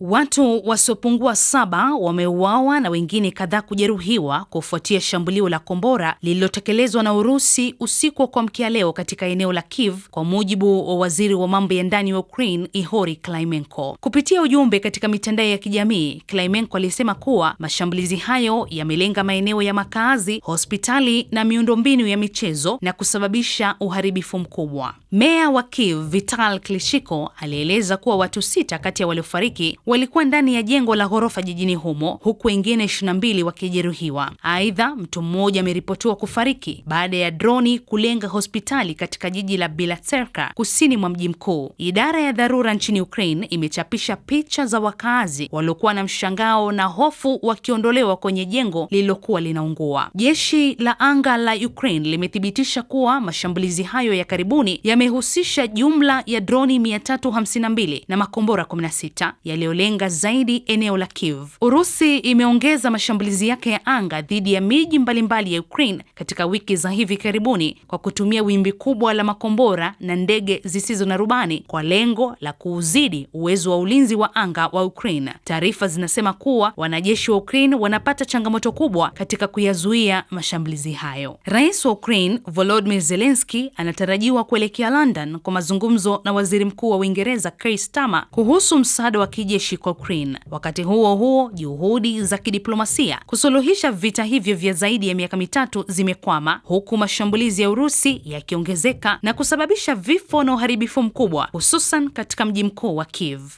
Watu wasiopungua saba wameuawa na wengine kadhaa kujeruhiwa kufuatia shambulio la kombora lililotekelezwa na Urusi usiku wa kuamkia leo katika eneo la Kiev, kwa mujibu wa waziri wa mambo ya ndani wa Ukraine Ihori Klimenko. Kupitia ujumbe katika mitandao ya kijamii, Klimenko alisema kuwa mashambulizi hayo yamelenga maeneo ya makazi, hospitali na miundombinu ya michezo na kusababisha uharibifu mkubwa. Meya wa kiv Vital Klishiko alieleza kuwa watu sita kati ya waliofariki walikuwa ndani ya jengo la ghorofa jijini humo huku wengine 22 wakijeruhiwa. Aidha, mtu mmoja ameripotiwa kufariki baada ya droni kulenga hospitali katika jiji la Bilaterka kusini mwa mji mkuu. Idara ya dharura nchini Ukraine imechapisha picha za wakaazi waliokuwa na mshangao na hofu wakiondolewa kwenye jengo lililokuwa linaungua. Jeshi la anga la Ukraine limethibitisha kuwa mashambulizi hayo ya karibuni ya yamehusisha jumla ya droni 352 na makombora 16 yaliyolenga zaidi eneo la Kiev. Urusi imeongeza mashambulizi yake ya anga dhidi ya miji mbalimbali ya Ukraine katika wiki za hivi karibuni kwa kutumia wimbi kubwa la makombora na ndege zisizo na rubani kwa lengo la kuuzidi uwezo wa ulinzi wa anga wa Ukraine. Taarifa zinasema kuwa wanajeshi wa Ukraine wanapata changamoto kubwa katika kuyazuia mashambulizi hayo. Rais wa Ukraine Volodymyr Zelensky anatarajiwa kuelekea London kwa mazungumzo na waziri mkuu wa Uingereza Keir Starmer kuhusu msaada wa kijeshi kwa Ukraine. Wakati huo huo, juhudi za kidiplomasia kusuluhisha vita hivyo vya zaidi ya miaka mitatu zimekwama, huku mashambulizi ya Urusi yakiongezeka na kusababisha vifo na uharibifu mkubwa, hususan katika mji mkuu wa Kiev.